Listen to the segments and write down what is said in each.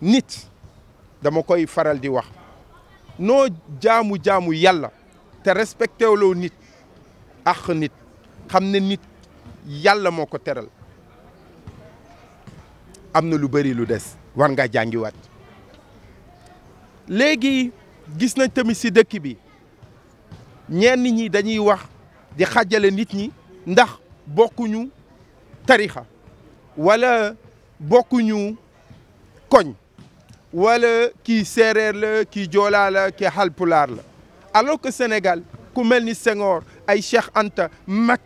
nit dama koy faral di wax noo jaamu jaamu yàlla te respecté nit ax nit xam ne nit yàlla moo ko teral am na lu bëri lu des war nga jàngiwaat léegi gis nañ tamit si dëkk bi ñenn ñi dañuy wax di xajale nit ñi ndax bokkuñu tarixa wala bokkuñu koñ wala qui serrer le qui joolaa le qui halpular la alors que Sénégal ku mel ni ay Cheikh Anta mag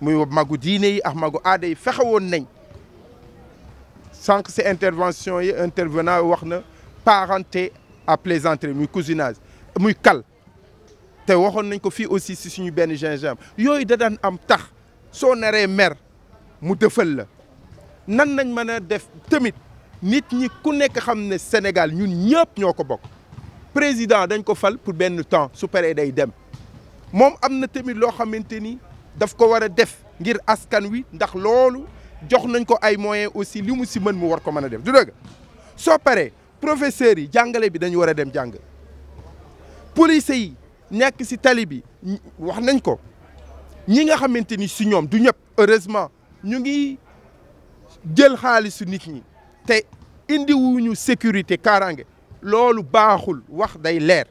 muy magu diine yi ak magu aada yi fexe woon nañ intervenant wax parenté à plaisanterie muy cousinage muy kal té waxoon nañ ko fi aussi si suñu ben gingembre yoy da dan am tax soo naree mer mu dëfal la nan nañ mën def tamit nit ñi ku nekk xam ne Sénégal ñun ñëpp ñoo ko bokk président dañ ko fal pour benn temps su paree day dem moom am na tamit loo xamante ni daf ko war a def ngir askan wi ndax loolu jox nañ ko ay moyens aussi li mu si mën mu war ko mën a def du dëgg soo paree professeurs yi jàngale bi dañu war a dem jàng police yi nekk si tali bi wax nañ ko ñi nga xamante ni si ñoom du ñëpp heureusement ñu ngi jël xaalisu nit ñi indi wuñu sécurité karangé lolu baxul wax day lèr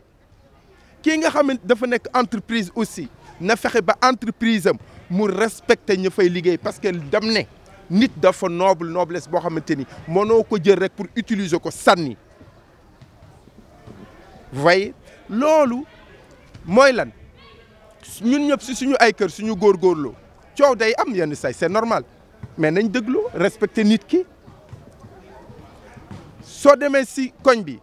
ki nga xam dafa nek entreprise aussi na fexé ba entreprise am mu respecté ñu fay liggéey parce que damné nit dafa noble noblesse bo xamante Mono ko jël rek pour utiliser ko sanni. voyez lolu moy lan ñun ñëpp ci suñu ay kër suñu gorlo ciow day am yenn say c'est normal mais nañ déglu respecter nit ki soo demee si koñ bi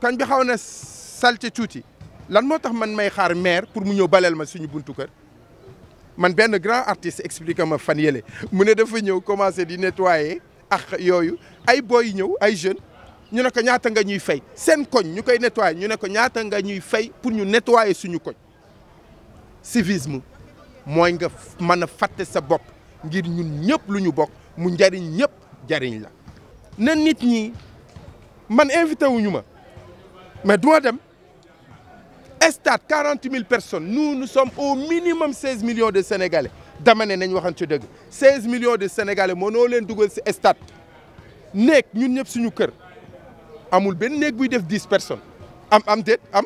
koñ bi xaw na salte tuuti lan moo tax man may xaar maire pour mu ñëw baleel ma suñu buntu kër man benn grand artiste expliqué ma fan yële mu ne dafa ñëw commencé di nettoyer ak yooyu ay booy ñëw ay jeune ñu ne ñaata nga ñuy fay seen koñ ñu koy nettoyer ñu ne ko ñaata nga ñuy fay pour ñu nettoyer suñu koñ mu mooy nga mën a fàtte sa bopp ngir ñun ñëpp lu ñu bokk mu njariñ ñëpp jariñ la na nit ñi man invité mais que dem stade 40 000 personnes nous nous sommes au minimum 16 millions de sénégalais 16 millions de sénégalais Nous avons dougal si stade Nek, ñun def personnes am am avons am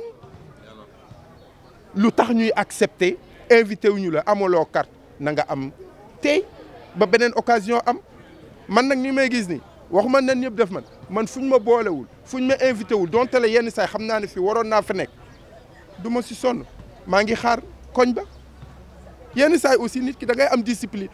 lu tax ñuy invité carte nanga am ba benen occasion am je suis def man man fuñ ma wul fuñ ma invité wul la yenn ne fii waroon fa suis du ma sonn ngi xaar aussi nit am discipline